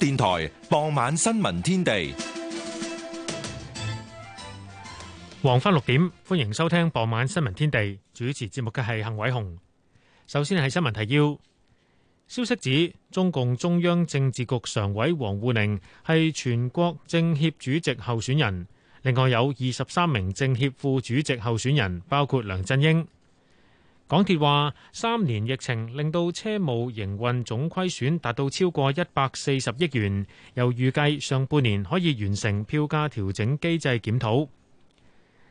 電台傍晚新聞天地，黃昏六點歡迎收聽傍晚新聞天地。主持節目嘅係幸偉雄。首先係新聞提要，消息指中共中央政治局常委王滬寧係全國政協主席候選人，另外有二十三名政協副主席候選人，包括梁振英。港鐵話：三年疫情令到車務營運總虧損達到超過一百四十億元，又預計上半年可以完成票價調整機制檢討。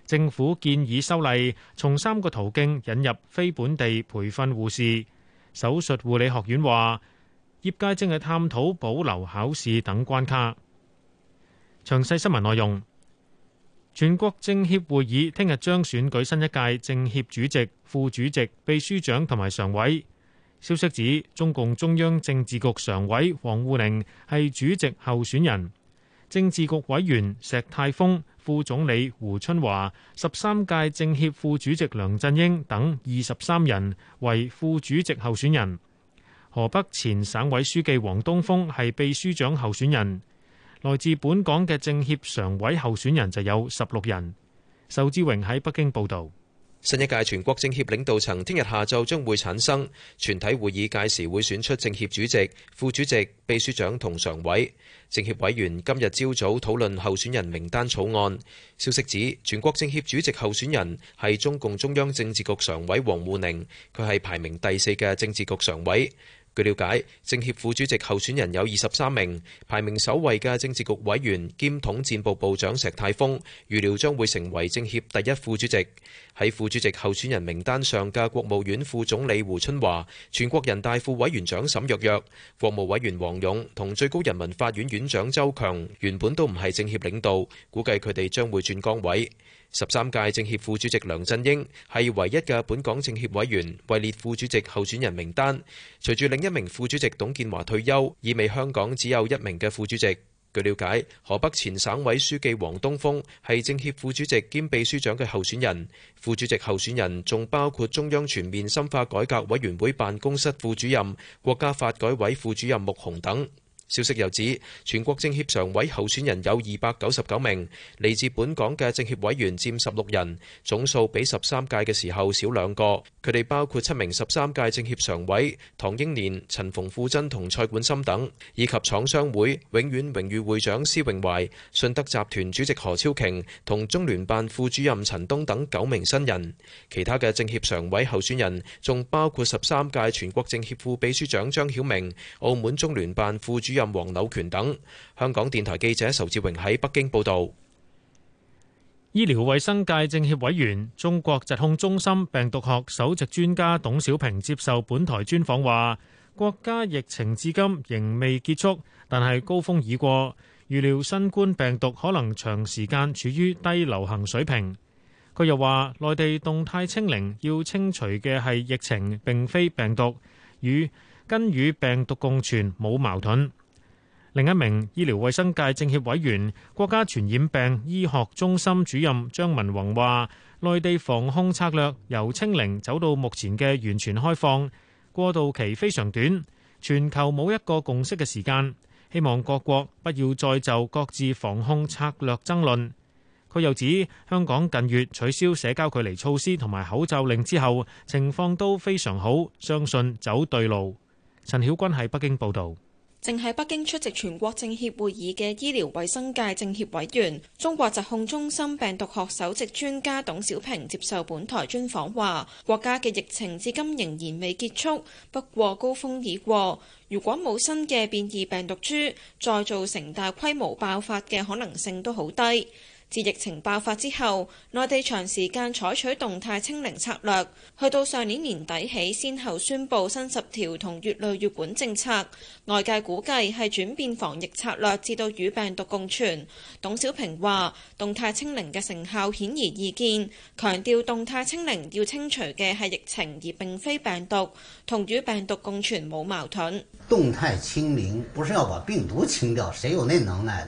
政府建議修例，從三個途徑引入非本地培訓護士。手術護理學院話：業界正係探討保留考試等關卡。詳細新聞內容。全國政協會議聽日將選舉新一屆政協主席、副主席、秘書長同埋常委。消息指，中共中央政治局常委王滬寧係主席候選人，政治局委員石泰峰、副總理胡春華、十三屆政協副主席梁振英等二十三人為副主席候選人。河北前省委書記王東峰係秘書長候選人。來自本港嘅政協常委候選人就有十六人。仇志榮喺北京報道，新一屆全國政協領導層聽日下晝將會產生，全體會議屆時會選出政協主席、副主席、秘書長同常委。政協委員今日朝早討論候選人名單草案。消息指，全國政協主席候選人係中共中央政治局常委王滬寧，佢係排名第四嘅政治局常委。據了解，政協副主席候選人有二十三名，排名首位嘅政治局委員兼統戰部部長石泰峰，預料將會成為政協第一副主席。喺副主席候選人名單上嘅國務院副總理胡春華、全國人大副委員長沈躍躍、國務委員王勇同最高人民法院院長周強，原本都唔係政協領導，估計佢哋將會轉崗位。十三屆政協副主席梁振英係唯一嘅本港政協委員，位列副主席候選人名單，隨住另一名副主席董建華退休，意味香港只有一名嘅副主席。據了解，河北前省委書記王東峰係政協副主席兼秘書長嘅候選人。副主席候選人仲包括中央全面深化改革委員會辦公室副主任、國家發改委副主任穆虹等。消息又指，全國政協常委候選人有二百九十九名，嚟自本港嘅政協委員佔十六人，總數比十三屆嘅時候少兩個。佢哋包括七名十三屆政協常委唐英年、陳馮富珍同蔡冠深等，以及廠商會永遠榮譽會長施榮懷、信德集團主席何超瓊同中聯辦副主任陳東等九名新人。其他嘅政協常委候選人仲包括十三屆全國政協副秘書長張曉明、澳門中聯辦副主任黃柳權等，香港電台記者仇志榮喺北京報道。醫療衛生界政協委員、中國疾控中心病毒學首席專家董小平接受本台專訪話，國家疫情至今仍未結束，但係高峰已過，預料新冠病毒可能長時間處於低流行水平。佢又話，內地動態清零要清除嘅係疫情，並非病毒，與跟與病毒共存冇矛盾。另一名醫療衛生界政協委員、國家傳染病醫學中心主任張文宏話，內地防控策略由清零走到目前嘅完全開放，過渡期非常短，全球冇一個共識嘅時間，希望各國不要再就各自防控策略爭論。佢又指，香港近月取消社交距離措施同埋口罩令之後，情況都非常好，相信走對路。陳曉君喺北京報導。正喺北京出席全國政協會議嘅醫療衛生界政協委員、中國疾控中心病毒學首席專家董小平接受本台專訪話：國家嘅疫情至今仍然未結束，不過高峰已過。如果冇新嘅變異病毒株，再造成大規模爆發嘅可能性都好低。自疫情爆發之後，內地長時間採取動態清零策略，去到上年年底起，先後宣布新十條同乙類乙管政策。外界估計係轉變防疫策略，至到與病毒共存。董小平話：動態清零嘅成效顯而易見，強調動態清零要清除嘅係疫情，而並非病毒，同與病毒共存冇矛盾。動態清零不是要把病毒清掉，誰有那能耐？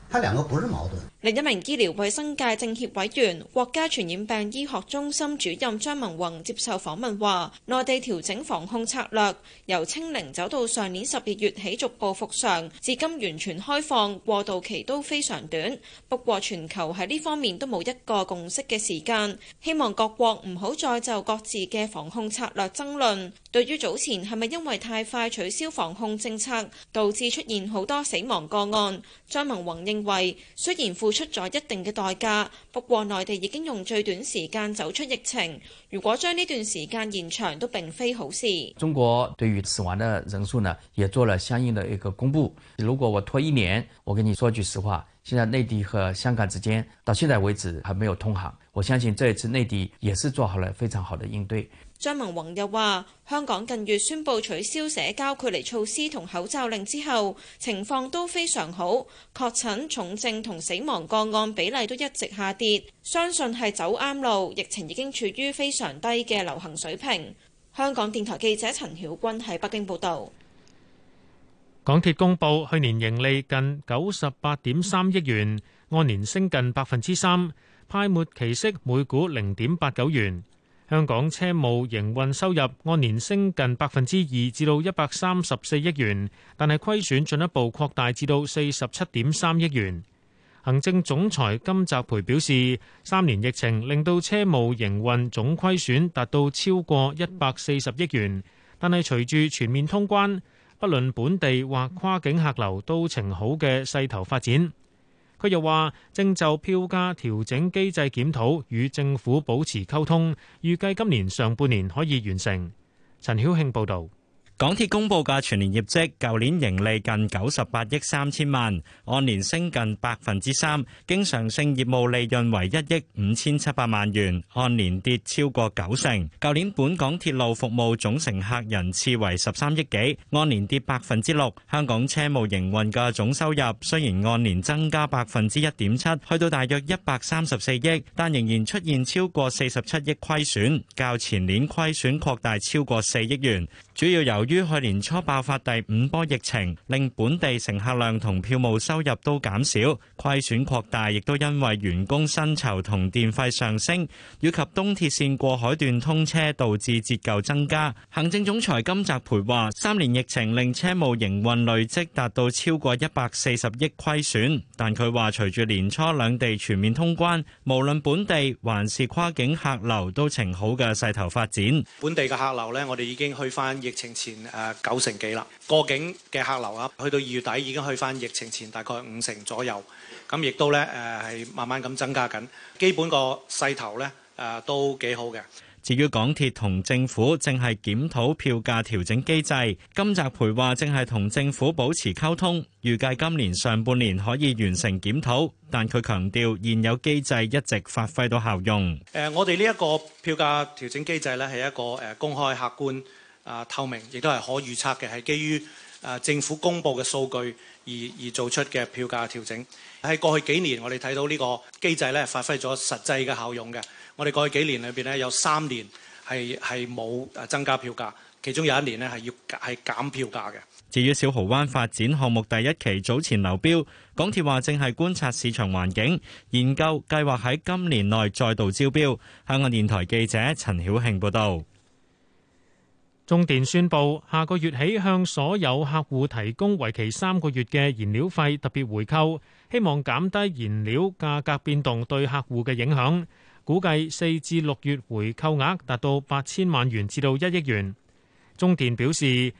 他兩個不是矛盾。另一名醫療衛生界政協委員、國家傳染病醫學中心主任張文宏接受訪問，話，內地調整防控策略，由清零走到上年十二月起逐步復常至今完全開放，過渡期都非常短。不過全球喺呢方面都冇一個共識嘅時間，希望各國唔好再就各自嘅防控策略爭論。對於早前係咪因為太快取消防控政策，導致出現好多死亡個案，張文宏認雖然付出咗一定嘅代價，不過內地已經用最短時間走出疫情。如果將呢段時間延長，都並非好事。中國對於死亡的人數呢，也做了相應的一個公布。如果我拖一年，我跟你說句實話，現在內地和香港之間到現在為止還沒有通航。我相信這一次內地也是做好了非常好的應對。張文宏又話：香港近月宣布取消社交距離措施同口罩令之後，情況都非常好，確診、重症同死亡個案比例都一直下跌，相信係走啱路，疫情已經處於非常低嘅流行水平。香港電台記者陳曉君喺北京報道。港鐵公布去年盈利近九十八點三億元，按年升近百分之三，派末期息每股零點八九元。香港車務營運收入按年升近百分之二至到一百三十四億元，但係虧損進一步擴大至到四十七點三億元。行政總裁金澤培表示，三年疫情令到車務營運總虧損達到超過一百四十億元，但係隨住全面通關，不論本地或跨境客流都呈好嘅勢頭發展。佢又話：正就票價調整機制檢討，與政府保持溝通，預計今年上半年可以完成。陳曉慶報導。港鐵公佈嘅全年業績，舊年盈利近九十八億三千萬，按年升近百分之三。經常性業務利潤為一億五千七百萬元，按年跌超過九成。舊年本港鐵路服務總乘客人次為十三億幾，按年跌百分之六。香港車務營運嘅總收入雖然按年增加百分之一點七，去到大約一百三十四億，但仍然出現超過四十七億虧損，較前年虧損擴大超過四億元，主要由於去年初爆發第五波疫情，令本地乘客量同票務收入都減少，虧損擴大，亦都因為員工薪酬同電費上升，以及東鐵線過海段通車導致折舊增加。行政總裁金澤培話：三年疫情令車務營運累積達到超過一百四十億虧損，但佢話隨住年初兩地全面通關，無論本地還是跨境客流都呈好嘅勢頭發展。本地嘅客流呢，我哋已經去返疫情前。前誒，九成幾啦，過境嘅客流啊，去到二月底已經去翻疫情前大概五成左右，咁亦都咧誒係慢慢咁增加緊，基本個勢頭咧誒都幾好嘅。至於港鐵同政府正係檢討票價調整機制，金澤培話正係同政府保持溝通，預計今年上半年可以完成檢討，但佢強調現有機制一直發揮到效用。誒，我哋呢一個票價調整機制咧係一個誒公開客觀，啊，透明亦都係可預測嘅，係基於啊政府公布嘅數據而而做出嘅票價調整。喺過去幾年，我哋睇到個機呢個機制咧，發揮咗實際嘅效用嘅。我哋過去幾年裏邊咧，有三年係係冇增加票價，其中有一年咧係要係減票價嘅。至於小濠灣發展項目第一期早前流標，港鐵話正係觀察市場環境，研究計劃喺今年內再度招標。香港電台記者陳曉慶報道。中電宣布，下個月起向所有客戶提供為期三個月嘅燃料費特別回扣，希望減低燃料價格變動對客戶嘅影響。估計四至六月回扣額達到八千萬元至到一億元。中電表示，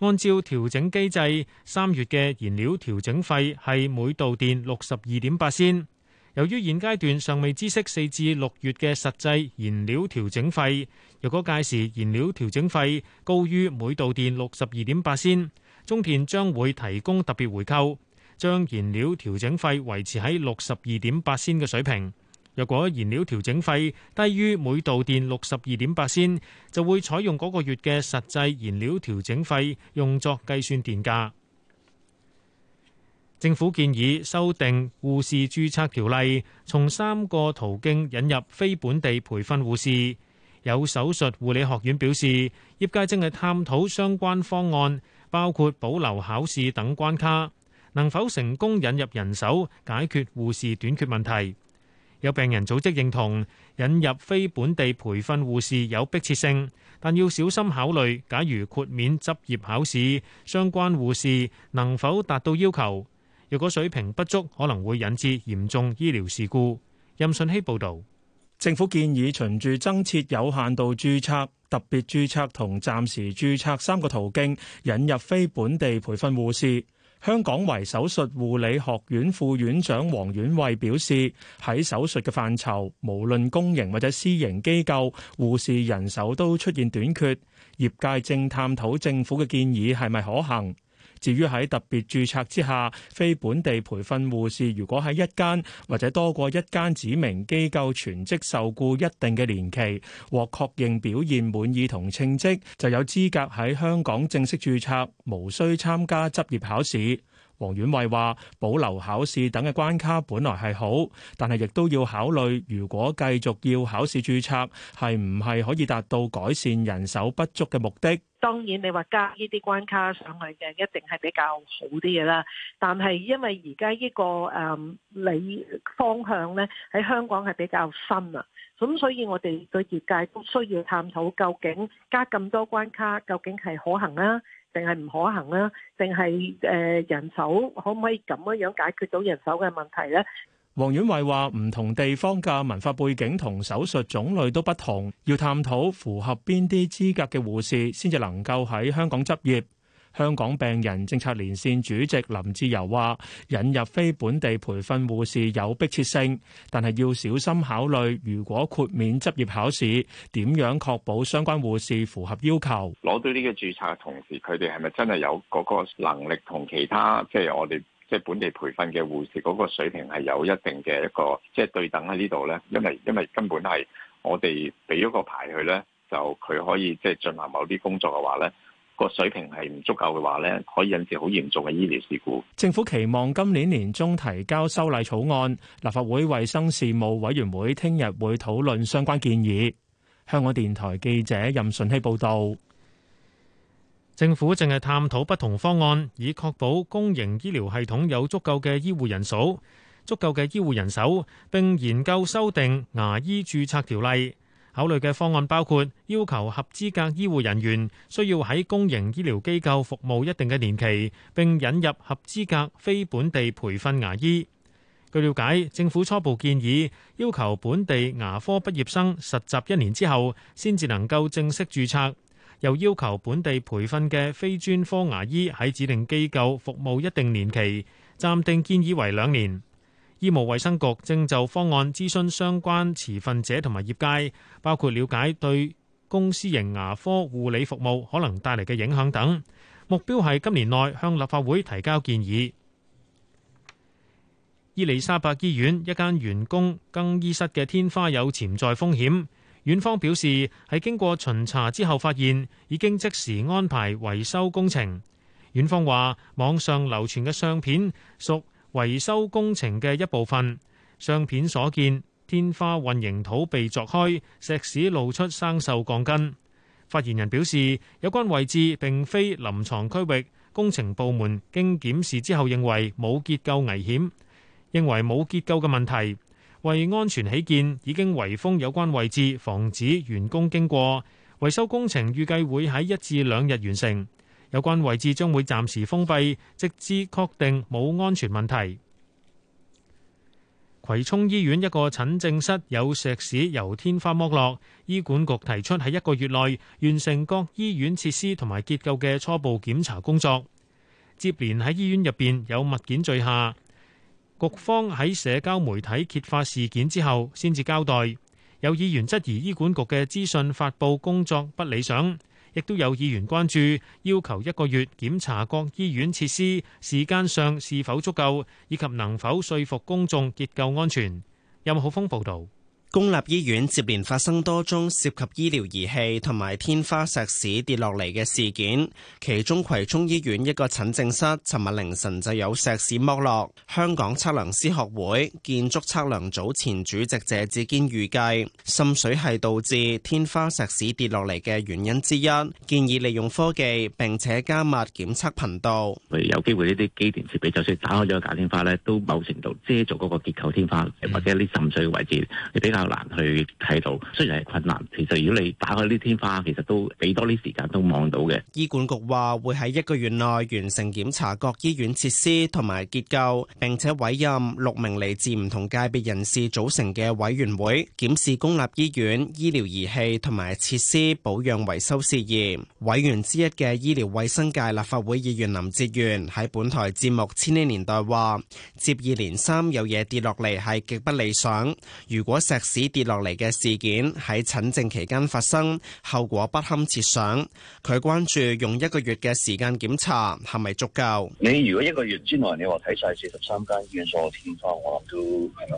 按照調整機制，三月嘅燃料調整費係每度電六十二點八仙。由於現階段尚未知悉四至六月嘅實際燃料調整費，若果屆時燃料調整費高於每度電六十二點八仙，中電將會提供特別回購，將燃料調整費維持喺六十二點八仙嘅水平。若果燃料調整費低於每度電六十二點八仙，就會採用嗰個月嘅實際燃料調整費用作計算電價。政府建議修訂護士註冊條例，從三個途徑引入非本地培訓護士。有手術護理學院表示，業界正係探討相關方案，包括保留考試等關卡，能否成功引入人手解決護士短缺問題？有病人組織認同引入非本地培訓護士有迫切性，但要小心考慮，假如豁免執業考試，相關護士能否達到要求？如果水平不足，可能會引致嚴重醫療事故。任信希報道。政府建議循住增設有限度注冊、特別注冊同暫時注冊三個途徑，引入非本地培訓護士。香港為手術護理學院副院長黃婉慧表示，喺手術嘅範疇，無論公營或者私營機構護士人手都出現短缺，業界正探討政府嘅建議係咪可行。至於喺特別註冊之下，非本地培訓護士，如果喺一間或者多過一間指明機構全職受雇一定嘅年期，獲確認表現滿意同稱職，就有資格喺香港正式註冊，無需參加執業考試。黃婉慧話：保留考試等嘅關卡本來係好，但係亦都要考慮，如果繼續要考試註冊，係唔係可以達到改善人手不足嘅目的？當然，你話加呢啲關卡上去嘅，一定係比較好啲嘅啦。但係因為而家呢個誒理方向咧喺香港係比較新啊，咁所以我哋個業界都需要探討，究竟加咁多關卡，究竟係可行啦。定係唔可行啦，定係誒人手可唔可以咁樣樣解決到人手嘅問題呢？黃婉慧話：唔同地方嘅文化背景同手術種類都不同，要探討符合邊啲資格嘅護士先至能夠喺香港執業。香港病人政策連線主席林志由話引入非本地培訓護士有迫切性，但係要小心考慮，如果豁免執業考試，點樣確保相關護士符合要求？攞到呢個註冊嘅同時，佢哋係咪真係有嗰個能力同其他即係、就是、我哋即係本地培訓嘅護士嗰個水平係有一定嘅一個即係、就是、對等喺呢度咧？因為因為根本係我哋俾咗個牌佢咧，就佢可以即係進行某啲工作嘅話咧。個水平係唔足夠嘅話呢，可以引致好嚴重嘅醫療事故。政府期望今年年中提交修例草案，立法會衛生事務委員會聽日會討論相關建議。香港電台記者任順熙報道，政府正係探討不同方案，以確保公營醫療系統有足夠嘅醫護人數、足夠嘅醫護人手，並研究修訂牙醫註冊條例。考慮嘅方案包括要求合資格醫護人員需要喺公營醫療機構服務一定嘅年期，並引入合資格非本地培訓牙醫。據了解，政府初步建議要求本地牙科畢業生實習一年之後先至能夠正式註冊，又要求本地培訓嘅非專科牙醫喺指定機構服務一定年期，暫定建議為兩年。醫務衛生局正就方案諮詢相關持份者同埋業界，包括了解對公司型牙科護理服務可能帶嚟嘅影響等。目標係今年內向立法會提交建議。伊利沙伯醫院一間員工更衣室嘅天花有潛在風險，院方表示喺經過巡查之後發現，已經即時安排維修工程。院方話網上流傳嘅相片屬維修工程嘅一部分，相片所見，天花混凝土被鑿開，石屎露出生鏽鋼筋。發言人表示，有關位置並非臨床區域，工程部門經檢視之後認為冇結構危險，認為冇結構嘅問題，為安全起見，已經圍封有關位置，防止員工經過，維修工程預計會喺一至兩日完成。有關位置將會暫時封閉，直至確定冇安全問題。葵涌醫院一個診症室有石屎由天花剝落，醫管局提出喺一個月內完成各醫院設施同埋結構嘅初步檢查工作。接連喺醫院入邊有物件墜下，局方喺社交媒體揭發事件之後先至交代。有議員質疑醫管局嘅資訊發布工作不理想。亦都有議員關注，要求一個月檢查各醫院設施，時間上是否足夠，以及能否說服公眾結構安全。任浩峰報導。公立醫院接連發生多宗涉及醫療儀器同埋天花石屎跌落嚟嘅事件，其中葵涌醫院一個診症室，尋日凌晨就有石屎剝落。香港測量師學會建築測量組前主席謝志堅預計，滲水係導致天花石屎跌落嚟嘅原因之一，建議利用科技並且加密檢測頻道。有機會呢啲機電設備就算打開咗個假天花呢都某程度遮咗嗰個結構天花，或者一啲滲水嘅位置，你比較難去睇到，雖然係困難，其實如果你打開呢天花，其實都俾多啲時間都望到嘅。醫管局話會喺一個月內完成檢查各醫院設施同埋結構，並且委任六名嚟自唔同界別人士組成嘅委員會，檢視公立醫院醫療儀器同埋設施保養維修事宜。委員之一嘅醫療衛生界立法會議員林哲玄喺本台節目《千禧年代》話：接二連三有嘢跌落嚟係極不理想。如果石指跌落嚟嘅事件喺診症期間發生，後果不堪設想。佢關注用一個月嘅時間檢查係咪足夠？你如果一個月之內你話睇晒四十三間醫院所有天花，我諗都係咪？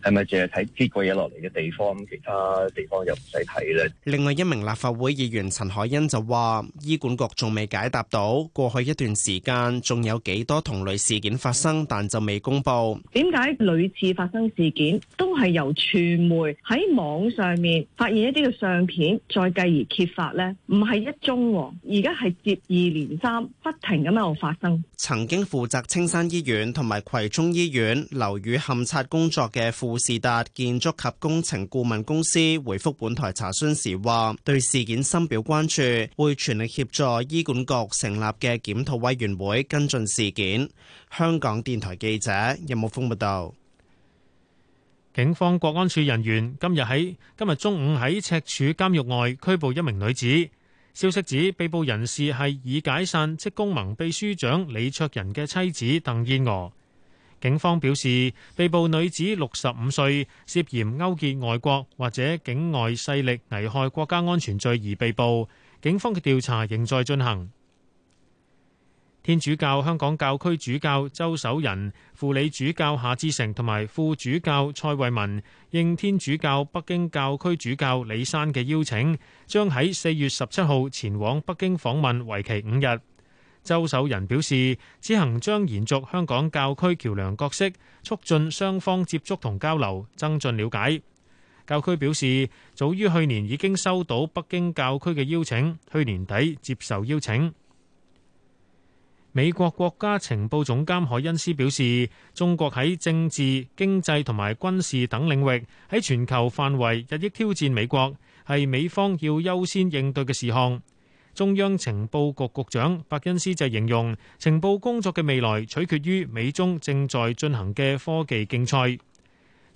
係咪淨係睇跌過嘢落嚟嘅地方，其他地方又唔使睇咧？另外一名立法會議員陳海欣就話，醫管局仲未解答到過去一段時間仲有幾多同類事件發生，但就未公布。點解屢次發生事件都係由處。會喺網上面發現一啲嘅相片，再繼而揭發呢，唔係一宗，而家係接二連三，不停咁喺度發生。曾經負責青山醫院同埋葵涌醫院樓宇勘測工作嘅富士達建築及工程顧問公司回覆本台查詢時話，對事件深表關注，會全力協助醫管局成立嘅檢討委員會跟進事件。香港電台記者任木峰報道。警方國安處人員今日喺今日中午喺赤柱監獄外拘捕一名女子。消息指被捕人士係已解散職工盟秘書長李卓人嘅妻子鄧燕娥。警方表示，被捕女子六十五歲，涉嫌勾結外國或者境外勢力危害國家安全罪而被捕。警方嘅調查仍在進行。天主教香港教區主教周守仁、輔理主教夏志誠同埋副主教蔡慧文應天主教北京教區主教李山嘅邀請，將喺四月十七號前往北京訪問，為期五日。周守仁表示，此行將延續香港教區橋樑角色，促進雙方接觸同交流，增進了解。教區表示，早於去年已經收到北京教區嘅邀請，去年底接受邀請。美國國家情報總監海恩斯表示，中國喺政治、經濟同埋軍事等領域喺全球範圍日益挑戰美國，係美方要優先應對嘅事項。中央情報局局長白恩斯就形容，情報工作嘅未來取決於美中正在進行嘅科技競賽。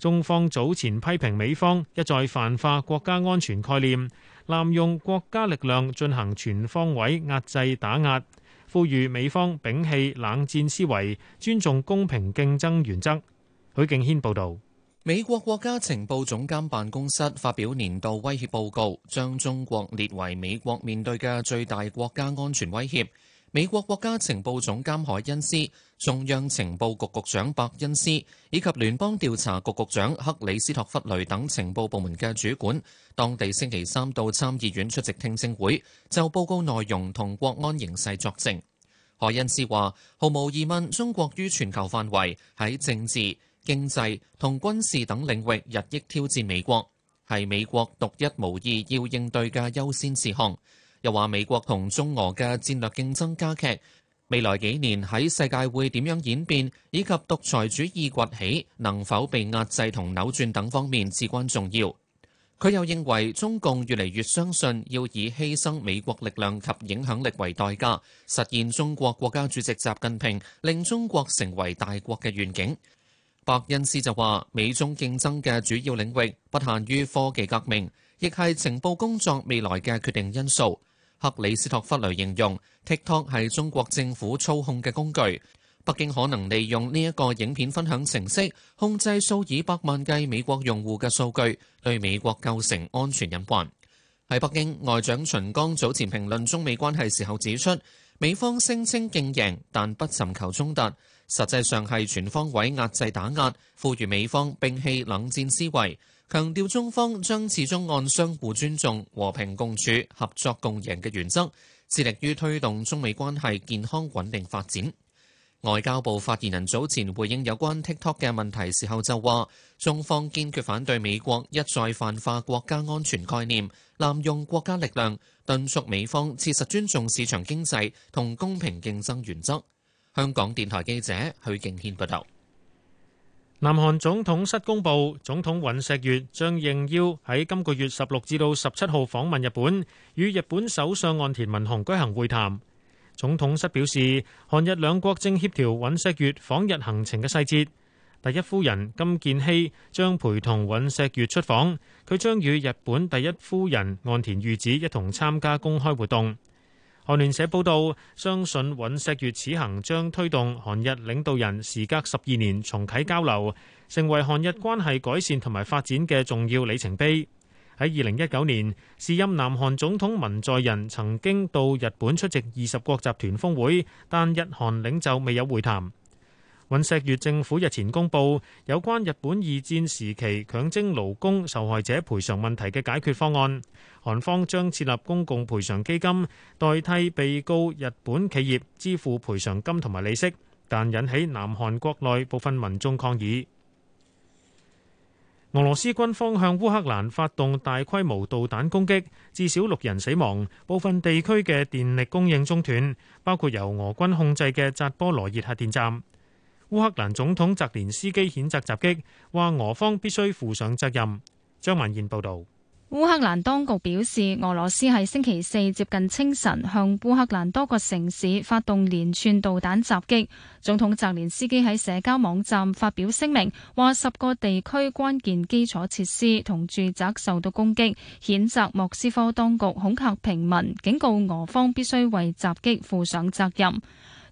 中方早前批評美方一再泛化國家安全概念，濫用國家力量進行全方位壓制打壓，呼籲美方摒棄冷戰思維，尊重公平競爭原則。許敬軒報道：美國國家情報總監辦公室發表年度威脅報告，將中國列為美國面對嘅最大國家安全威脅。美國國家情報總監海恩斯、中央情報局局長伯恩斯以及聯邦調查局局長克里斯托弗雷等情報部門嘅主管，當地星期三到參議院出席聽證會，就報告內容同國安形勢作證。海恩斯話：毫無疑問，中國於全球範圍喺政治、經濟同軍事等領域日益挑戰美國，係美國獨一無二要應對嘅優先事項。又話美國同中俄嘅戰略競爭加劇，未來幾年喺世界會點樣演變，以及獨裁主義崛起能否被壓制同扭轉等方面至關重要。佢又認為中共越嚟越相信要以犧牲美國力量及影響力為代價，實現中國國家主席習近平令中國成為大國嘅願景。伯恩斯就話：美中競爭嘅主要領域不限於科技革命，亦係情報工作未來嘅決定因素。克里斯托弗雷形容 TikTok 係中國政府操控嘅工具，北京可能利用呢一個影片分享程式控制數以百萬計美國用戶嘅數據，對美國構成安全隱患。喺北京，外長秦剛早前評論中美關係時候指出，美方聲稱競贏，但不尋求衝突，實際上係全方位壓制打壓，賦予美方摒棄冷戰思維。強調中方將始終按相互尊重、和平共處、合作共贏嘅原則，致力於推動中美關係健康穩定發展。外交部發言人早前回應有關 TikTok 嘅問題時候就話，中方堅決反對美國一再泛化國家安全概念，濫用國家力量，敦促美方切實尊重市場經濟同公平競爭原則。香港電台記者許敬軒報道。南韓總統室公佈，總統尹錫悅將應邀喺今個月十六至到十七號訪問日本，與日本首相岸田文雄舉行會談。總統室表示，韓日兩國正協調尹錫悅訪日行程嘅細節。第一夫人金建希將陪同尹錫悅出訪，佢將與日本第一夫人岸田裕子一同參加公開活動。韓聯社報導，相信尹錫悦此行將推動韓日領導人時隔十二年重啟交流，成為韓日關係改善同埋發展嘅重要里程碑。喺二零一九年，時任南韓總統文在寅曾經到日本出席二十國集團峰會，但日韓領袖未有會談。尹錫悅政府日前公布有關日本二戰時期強徵勞工受害者賠償問題嘅解決方案，韓方將設立公共賠償基金，代替被告日本企業支付賠償金同埋利息，但引起南韓國內部分民眾抗議。俄羅斯軍方向烏克蘭發動大規模導彈攻擊，至少六人死亡，部分地區嘅電力供應中斷，包括由俄軍控制嘅扎波羅熱核電站。烏克蘭總統澤連斯基譴責襲擊，話俄方必須負上責任。張文燕報道。烏克蘭當局表示，俄羅斯喺星期四接近清晨向烏克蘭多個城市發動連串導彈襲擊。總統澤連斯基喺社交網站發表聲明，話十個地區關鍵基礎設施同住宅受到攻擊，譴責莫斯科當局恐嚇平民，警告俄方必須為襲擊負上責任。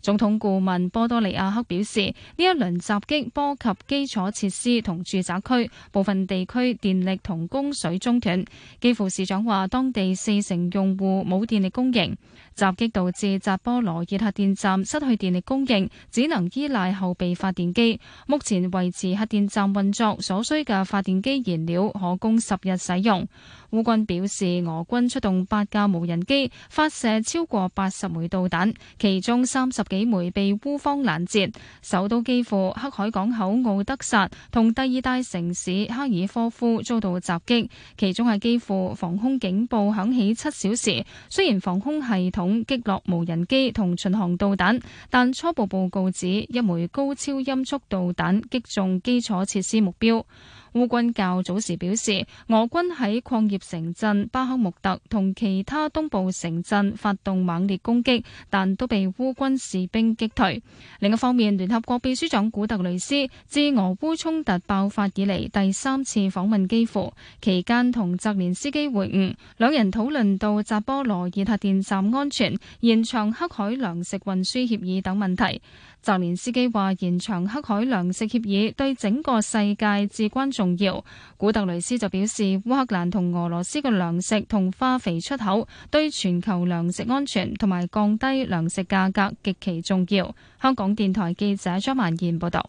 總統顧問波多利亞克表示，呢一輪襲擊波及基礎設施同住宅區，部分地區電力同供水中斷。基輔市長話，當地四成用戶冇電力供應。襲擊導致扎波羅熱核電站失去電力供應，只能依賴後備發電機。目前維持核電站運作所需嘅發電機燃料可供十日使用。烏軍表示，俄軍出動八架無人機，發射超過八十枚導彈，其中三十幾枚被烏方攔截。首都基輔、黑海港口敖德薩同第二大城市哈爾科夫遭到襲擊，其中喺基輔防空警報響起七小時。雖然防空系統，擊落無人機同巡航導彈，但初步報告指一枚高超音速導彈擊中基礎設施目標。烏軍較早時表示，俄軍喺礦業城鎮巴克穆特同其他東部城鎮發動猛烈攻擊，但都被烏軍士兵擊退。另一方面，聯合國秘書長古特雷斯自俄烏衝突爆發以嚟第三次訪問基輔，期間同澤連斯基會晤，兩人討論到扎波羅熱核電站安全、延長黑海糧食運輸協議等問題。澤連斯基話延長黑海糧食協議對整個世界至關重要。古特雷斯就表示，烏克蘭同俄羅斯嘅糧食同化肥出口對全球糧食安全同埋降低糧食價格極其重要。香港電台記者張曼燕報道。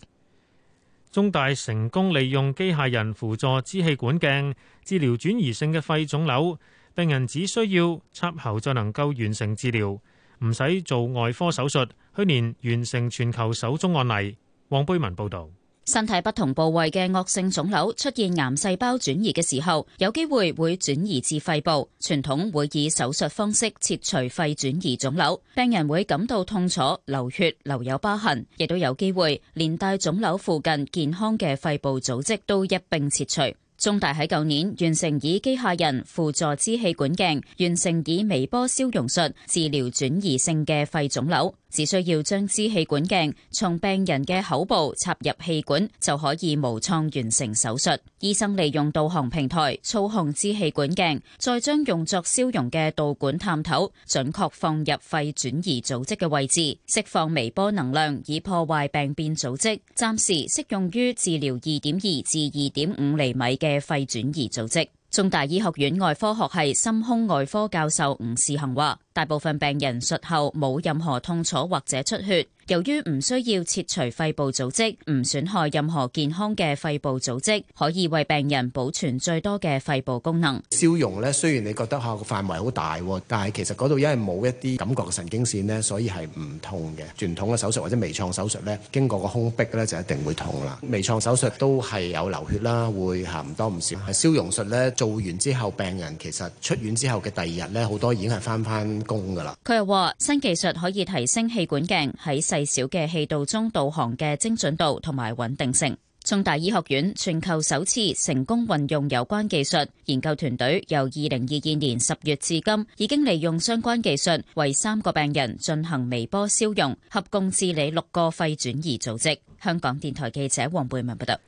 中大成功利用機械人輔助支氣管鏡治療轉移性嘅肺腫瘤，病人只需要插喉就能夠完成治療，唔使做外科手術。去年完成全球首宗案例。黃貝文報道：身體不同部位嘅惡性腫瘤出現癌細胞轉移嘅時候，有機會會轉移至肺部。傳統會以手術方式切除肺轉移腫瘤，病人會感到痛楚、流血、留有疤痕，亦都有機會連帶腫瘤附近健康嘅肺部組織都一併切除。中大喺舊年完成以機械人輔助支氣管鏡，完成以微波消融術治療轉移性嘅肺腫瘤。只需要將支氣管鏡從病人嘅口部插入氣管就可以無創完成手術。醫生利用導航平台操控支氣管鏡，再將用作消融嘅導管探頭準確放入肺轉移組織嘅位置，釋放微波能量以破壞病變組織。暫時適用於治療二點二至二點五厘米嘅肺轉移組織。中大醫學院外科學系心胸外科教授吳士恒話。大部分病人術後冇任何痛楚或者出血，由於唔需要切除肺部組織，唔損害任何健康嘅肺部組織，可以為病人保存最多嘅肺部功能。消融呢，雖然你覺得下個範圍好大，但係其實嗰度因為冇一啲感覺嘅神經綫呢，所以係唔痛嘅。傳統嘅手術或者微創手術呢，經過個胸壁呢，就一定會痛啦。微創手術都係有流血啦，會鹹多唔少。消融術呢，做完之後，病人其實出院之後嘅第二日呢，好多已經係翻翻工噶啦。佢又話：新技術可以提升氣管鏡喺細小嘅氣道中導航嘅精準度同埋穩定性。中大醫學院全球首次成功運用有關技術，研究團隊由二零二二年十月至今，已經利用相關技術為三個病人進行微波消融，合共治理六個肺轉移組織。香港電台記者黃貝文報道。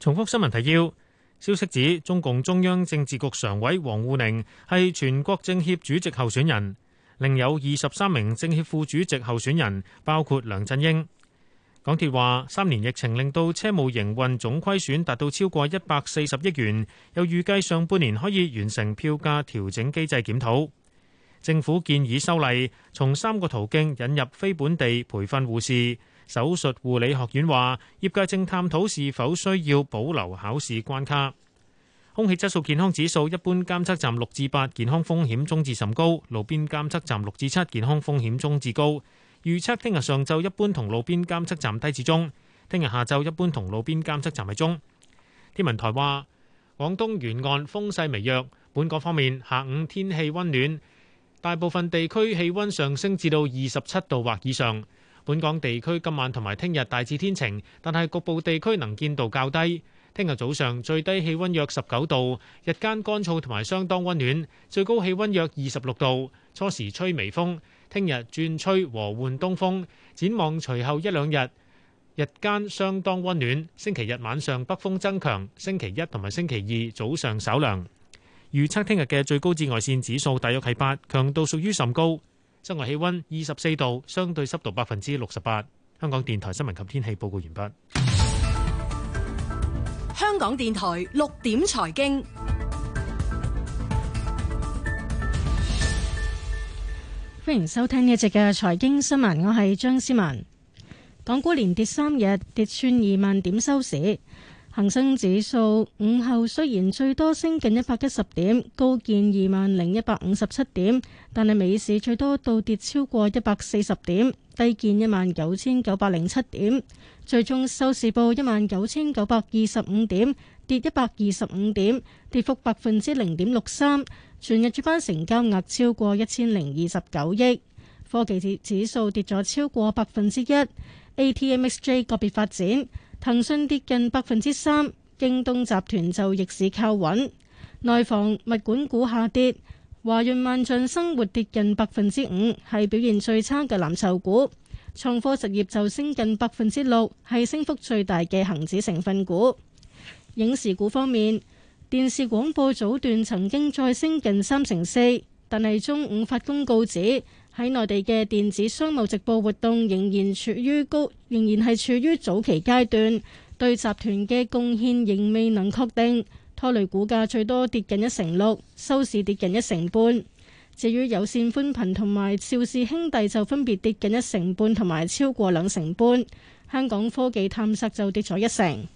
重複新聞提要：消息指，中共中央政治局常委王滬寧係全國政協主席候選人。另有二十三名政協副主席候選人，包括梁振英。港鐵話三年疫情令到車務營運總虧損達到超過一百四十億元，又預計上半年可以完成票價調整機制檢討，政府建議修例，從三個途徑引入非本地培訓護士。手術護理學院話業界正探討是否需要保留考試關卡。空氣質素健康指數一般監測站六至八，健康風險中至甚高；路邊監測站六至七，健康風險中至高。預測聽日上晝一般同路邊監測站低至中，聽日下晝一般同路邊監測站係中。天文台話，廣東沿岸風勢微弱。本港方面，下午天氣温暖，大部分地區氣温上升至到二十七度或以上。本港地區今晚同埋聽日大致天晴，但係局部地區能見度較低。聽日早上最低氣温約十九度，日間乾燥同埋相當温暖，最高氣温約二十六度，初時吹微風，聽日轉吹和緩東風。展望隨後一兩日，日間相當温暖。星期日晚上北風增強，星期一同埋星期二早上稍涼。預測聽日嘅最高紫外線指數大約係八，強度屬於甚高。室外氣温二十四度，相對濕度百分之六十八。香港電台新聞及天氣報告完畢。香港電台六點財經，歡迎收聽呢一節嘅財經新聞，我係張思文。港股連跌三日，跌穿二萬點收市。恒生指數午後雖然最多升近一百一十點，高見二萬零一百五十七點，但係美市最多倒跌超過一百四十點。低見一萬九千九百零七點，最終收市報一萬九千九百二十五點，跌一百二十五點，跌幅百分之零點六三。全日主板成交額超過一千零二十九億，科技指指數跌咗超過百分之一。ATMXJ 個別發展，騰訊跌近百分之三，京東集團就逆市靠穩，內房物管股下跌。華潤萬象生活跌近百分之五，係表現最差嘅藍籌股；創科實業就升近百分之六，係升幅最大嘅恒指成分股。影視股方面，電視廣播早段曾經再升近三成四，但係中午發公告指，喺內地嘅電子商務直播活動仍然處於高，仍然係處於早期階段，對集團嘅貢獻仍未能確定。拖累股價最多跌近一成六，收市跌近一成半。至於有綫寬頻同埋邵氏兄弟就分別跌近一成半同埋超過兩成半。香港科技探索就跌咗一成。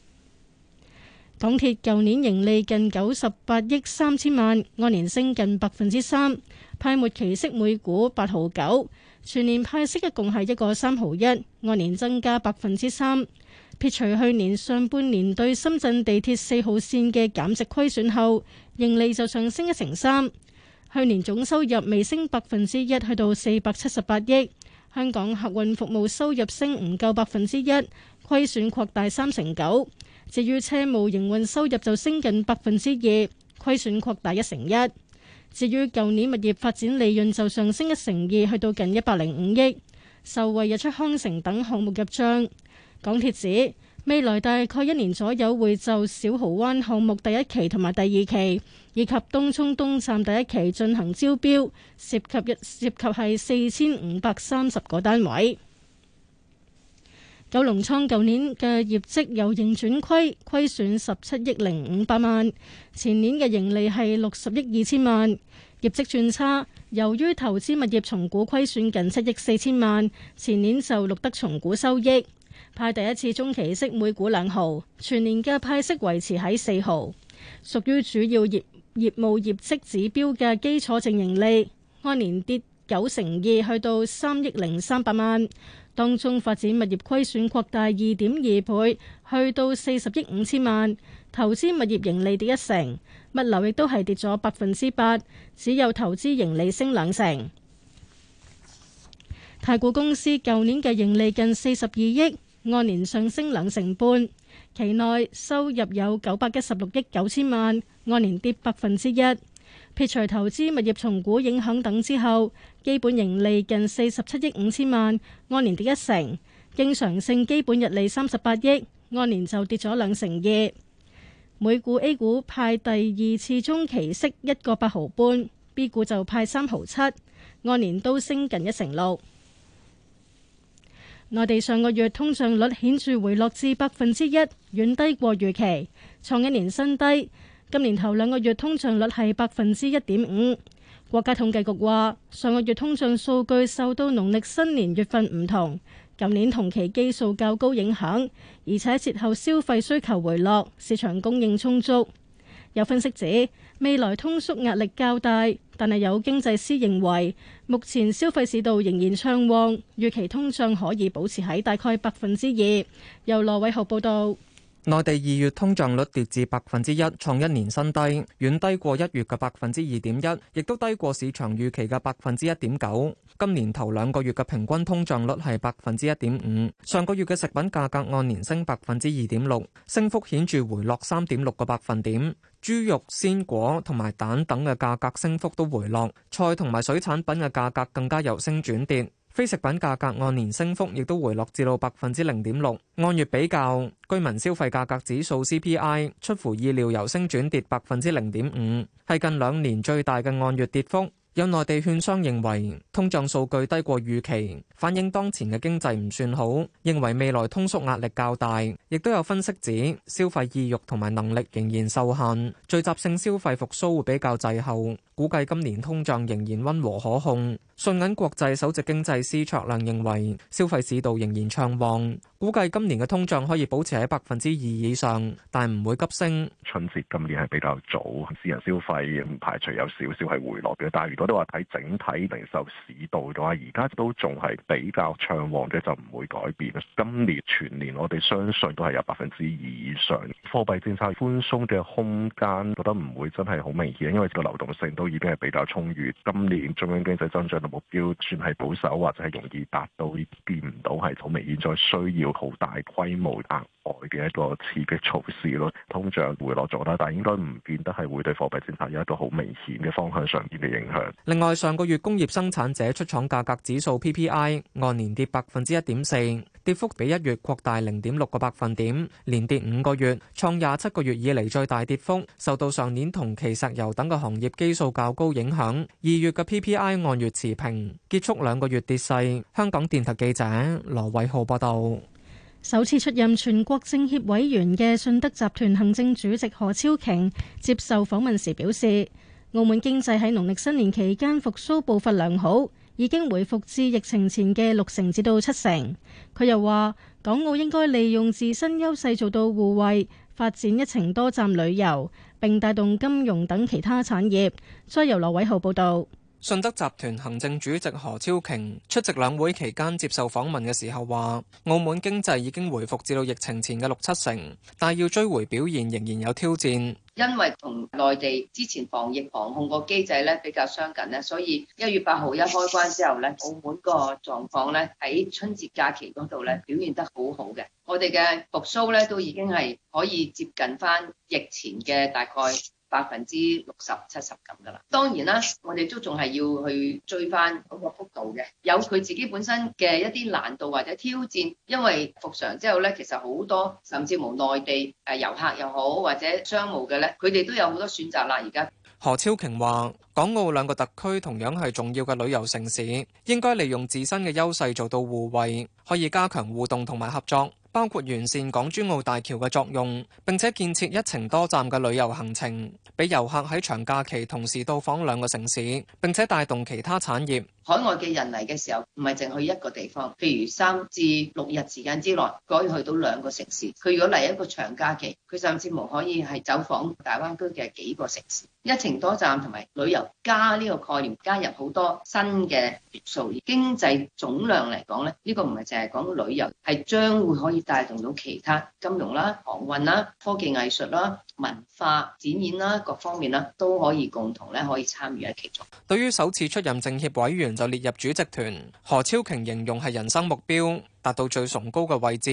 港鐵舊年盈利近九十八億三千萬，按年升近百分之三。派末期息每股八毫九，全年派息一共係一個三毫一，按年增加百分之三。撇除去年上半年對深圳地鐵四號綫嘅減值虧損後，盈利就上升一成三。去年總收入微升百分之一，去到四百七十八億，香港客運服務收入升唔夠百分之一，虧損擴大三成九。至於車務營運收入就升近百分之二，虧損擴大一成一。至於舊年物業發展利潤就上升一成二，去到近一百零五億，受惠日出康城等項目入帳。港鐵指未來大概一年左右會就小蚝灣項目第一期同埋第二期以及東涌東站第一期進行招標，涉及一涉及係四千五百三十個單位。九龍倉舊年嘅業績由盈轉虧，虧損十七億零五百萬。前年嘅盈利係六十億二千萬，業績轉差。由於投資物業重估虧損近七億四千萬，前年就錄得重估收益。派第一次中期息每股兩毫，全年嘅派息維持喺四毫。屬於主要業業務業績指標嘅基礎性盈利按年跌九成二，去到三億零三百萬，當中發展物業虧損擴大二點二倍，去到四十億五千萬，投資物業盈利跌一成，物流亦都係跌咗百分之八，只有投資盈利升兩成。太古公司舊年嘅盈利近四十二億。按年上升兩成半，期內收入有九百一十六億九千萬，按年跌百分之一。撇除投資物業重估影響等之後，基本盈利近四十七億五千萬，按年跌一成。經常性基本溢利三十八億，按年就跌咗兩成二。每股 A 股派第二次中期息一個八毫半，B 股就派三毫七，按年都升近一成六。內地上個月通脹率顯著回落至百分之一，遠低過預期，創一年新低。今年頭兩個月通脹率係百分之一點五。國家統計局話，上個月通脹數據受到農曆新年月份唔同、今年同期基數較高影響，而且節後消費需求回落，市場供應充足。有分析指，未來通縮壓力較大，但係有經濟師認為，目前消費市道仍然暢旺，預期通脹可以保持喺大概百分之二。由羅偉豪報導。內地二月通脹率跌至百分之一，創一年新低，遠低過一月嘅百分之二點一，亦都低過市場預期嘅百分之一點九。今年頭兩個月嘅平均通脹率係百分之一點五。上個月嘅食品價格按年升百分之二點六，升幅顯著回落三點六個百分點。豬肉、鮮果同埋蛋等嘅價格升幅都回落，菜同埋水產品嘅價格更加由升轉跌。非食品價格按年升幅亦都回落至到百分之零點六，按月比較，居民消費價格指數 CPI 出乎意料由升轉跌百分之零點五，係近兩年最大嘅按月跌幅。有內地券商認為通脹數據低過預期，反映當前嘅經濟唔算好，認為未來通縮壓力較大。亦都有分析指消費意欲同埋能力仍然受限，聚集性消費復甦會比較滯後。估計今年通脹仍然溫和可控。信銀國際首席經濟師卓亮認為消費市道仍然暢旺，估計今年嘅通脹可以保持喺百分之二以上，但唔會急升。春節今年係比較早，私人消費唔排除有少少係回落嘅，大。我都話睇整體零售市道嘅話，而家都仲係比較暢旺嘅，就唔會改變。今年全年我哋相信都係有百分之二以上貨幣政策寬鬆嘅空間，覺得唔會真係好明顯，因為個流動性都已經係比較充裕。今年中央經濟增長嘅目標算係保守或者係容易達到，變唔到係好明顯再需要好大規模額外嘅一個刺激措施咯。通脹回落咗啦，但係應該唔見得係會對貨幣政策有一個好明顯嘅方向上邊嘅影響。另外，上個月工業生產者出廠價格指數 PPI 按年跌百分之一點四，跌幅比一月擴大零點六個百分點，連跌五個月，創廿七個月以嚟最大跌幅。受到上年同期石油等嘅行業基數較高影響，二月嘅 PPI 按月持平，結束兩個月跌勢。香港電台記者羅偉浩報道。首次出任全國政協委員嘅信德集團行政主席何超瓊接受訪問時表示，澳門經濟喺農曆新年期間復蘇步伐良好，已經回復至疫情前嘅六成至到七成。佢又話，港澳應該利用自身優勢做到互惠、發展一程多站旅遊，並帶動金融等其他產業。再由羅偉豪報道。信德集團行政主席何超瓊出席兩會期間接受訪問嘅時候話，澳門經濟已經回復至到疫情前嘅六七成，但要追回表現仍然有挑戰。因為同內地之前防疫防控個機制咧比較相近咧，所以一月八號一開關之後咧，澳門個狀況咧喺春節假期嗰度咧表現得好好嘅，我哋嘅復蘇咧都已經係可以接近翻疫前嘅大概。百分之六十、七十咁噶啦，當然啦，我哋都仲係要去追翻嗰個幅度嘅，有佢自己本身嘅一啲難度或者挑戰，因為復常之後咧，其實好多甚至無內地誒遊客又好或者商務嘅咧，佢哋都有好多選擇啦。而家何超瓊話，港澳兩個特區同樣係重要嘅旅遊城市，應該利用自身嘅優勢做到互惠，可以加強互動同埋合作。包括完善港珠澳大橋嘅作用，並且建設一程多站嘅旅遊行程，俾遊客喺長假期同時到訪兩個城市，並且帶動其他產業。海外嘅人嚟嘅時候，唔係淨去一個地方，譬如三至六日時間之內可以去到兩個城市。佢如果嚟一個長假期，佢甚至乎可以係走訪大灣區嘅幾個城市，一程多站同埋旅遊加呢個概念，加入好多新嘅元素。經濟總量嚟講咧，呢個唔係淨係講旅遊，係將會可以帶動到其他金融啦、航運啦、科技藝術啦、文化展演啦各方面啦，都可以共同咧可以參與喺其中。對於首次出任政協委員。就列入主席團。何超瓊形容係人生目標達到最崇高嘅位置，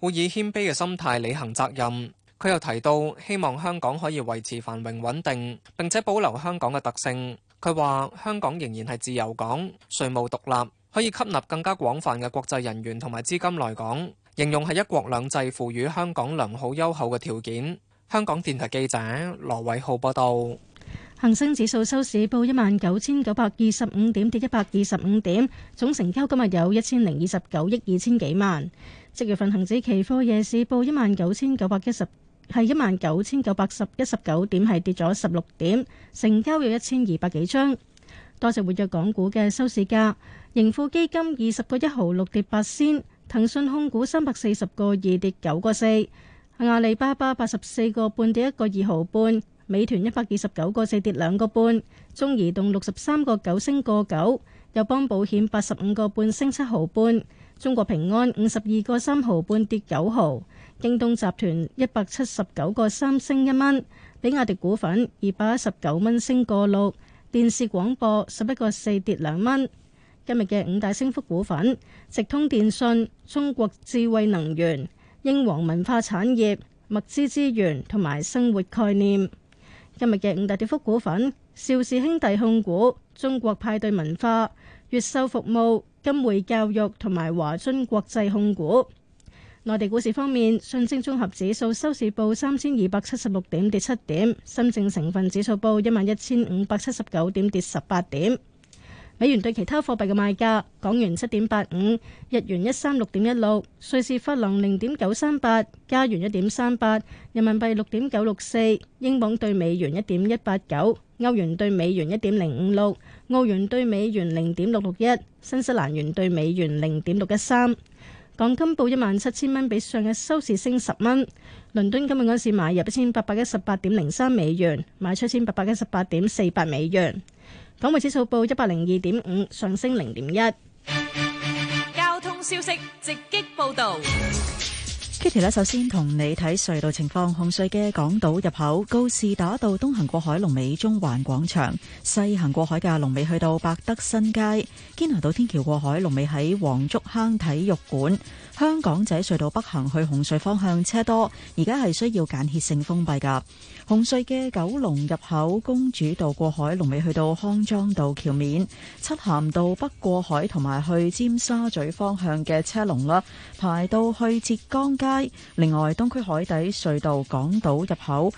會以謙卑嘅心態履行責任。佢又提到希望香港可以維持繁榮穩定，並且保留香港嘅特性。佢話香港仍然係自由港，稅務獨立，可以吸納更加廣泛嘅國際人員同埋資金來港，形容係一國兩制賦予香港良好優厚嘅條件。香港電台記者羅偉浩報道。恒生指數收市報一萬九千九百二十五點，跌一百二十五點。總成交今日有一千零二十九億二千幾萬。即月份恒指期貨夜市報一萬九千九百一十，係一萬九千九百十一十九點，係跌咗十六點。成交約一千二百幾張。多隻活躍港股嘅收市價。盈富基金二十個一毫六跌八仙，騰訊控股三百四十個二跌九個四，阿里巴巴八十四個半跌一個二毫半。美團一百二十九個四跌兩個半，中移動六十三個九升個九，友邦保險八十五個半升七毫半，中國平安五十二個三毫半跌九毫，京東集團一百七十九個三升一蚊，比亞迪股份二百一十九蚊升個六，電視廣播十一個四跌兩蚊。今日嘅五大升幅股份：直通電訊、中國智慧能源、英皇文化產業、麥芝資源同埋生活概念。今日嘅五大跌幅股份：邵氏兄弟控股、中國派對文化、越秀服務、金匯教育同埋華津國際控股。內地股市方面，上證綜合指數收市報三千二百七十六點，跌七點；深證成分指數報一萬一千五百七十九點，跌十八點。美元對其他貨幣嘅賣價：港元七點八五，日元一三六點一六，瑞士法郎零點九三八，加元一點三八，人民幣六點九六四，英鎊對美元一點一八九，歐元對美元一點零五六，澳元對美元零點六六一，新西蘭元對美元零點六一三。港金報一萬七千蚊，比上日收市升十蚊。倫敦今日晏市買入一千八百一十八點零三美元，賣出一千八百一十八點四八美元。港匯指數報一百零二點五，上升零點一。交通消息，直擊報道。呢條呢，首先同你睇隧道情況。紅隧嘅港島入口，告士打道東行過海，龍尾中環廣場；西行過海嘅龍尾去到百德新街。堅拿道天橋過海，龍尾喺黃竹坑體育館。香港仔隧道北行去紅隧方向車多，而家係需要間歇性封閉噶。紅隧嘅九龍入口，公主道過海，龍尾去到康莊道橋面。漆咸道北過海同埋去尖沙咀方向嘅車龍啦，排到去浙江街。另外，東區海底隧道港島入口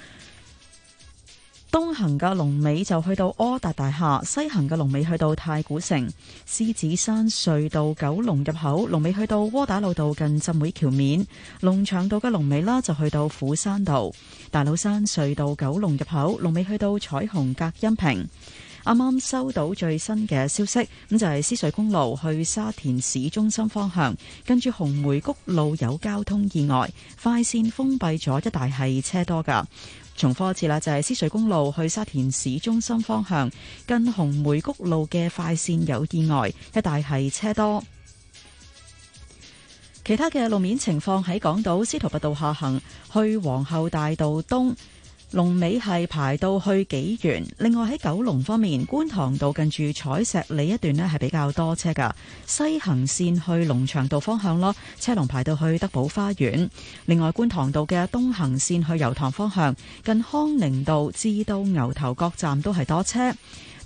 東行嘅龍尾就去到柯達大廈；西行嘅龍尾去到太古城。獅子山隧道九龍入口龍尾去到窩打老道近浸會橋面；龍翔道嘅龍尾啦就去到虎山道。大老山隧道九龍入口龍尾去到彩虹隔音屏。啱啱收到最新嘅消息，咁就係獅隧公路去沙田市中心方向，跟住紅梅谷路有交通意外，快綫封閉咗，一大係車多噶。重複一次啦，就係獅隧公路去沙田市中心方向，跟紅梅谷路嘅快綫有意外，一大係車多。其他嘅路面情況喺港島司徒拔道下行去皇后大道東，龍尾係排到去紀元，另外喺九龍方面，觀塘道近住彩石里一段呢係比較多車噶，西行線去龍翔道方向咯，車龍排到去德寶花園。另外，觀塘道嘅東行線去油塘方向，近康寧道至牛頭角站都係多車。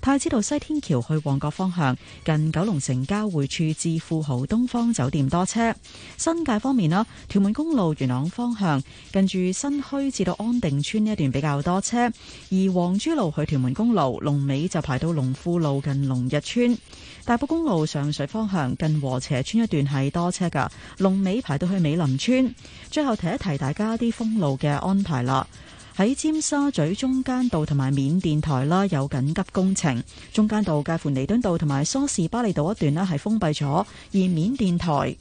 太子道西天橋去旺角方向，近九龍城交匯處至富豪東方酒店多車。新界方面呢，屯門公路元朗方向近住新墟至到安定村呢一段比較多車，而皇珠路去屯門公路龍尾就排到龍富路近龍逸村。大埔公路上水方向近禾輋村一段係多車㗎，龍尾排到去美林村。最後提一提大家啲封路嘅安排啦。喺尖沙咀中間道同埋緬甸台啦，有緊急工程，中間道介乎彌敦道同埋梳士巴利道一段咧係封閉咗，而緬甸台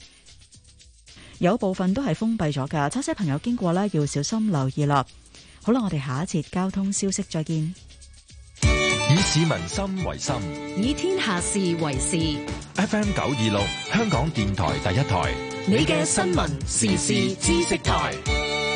有部分都係封閉咗嘅，揸車朋友經過咧要小心留意啦。好啦，我哋下一節交通消息再見。以市民心為心，以天下事為事。FM 九二六，香港電台第一台，你嘅新聞時事知識台。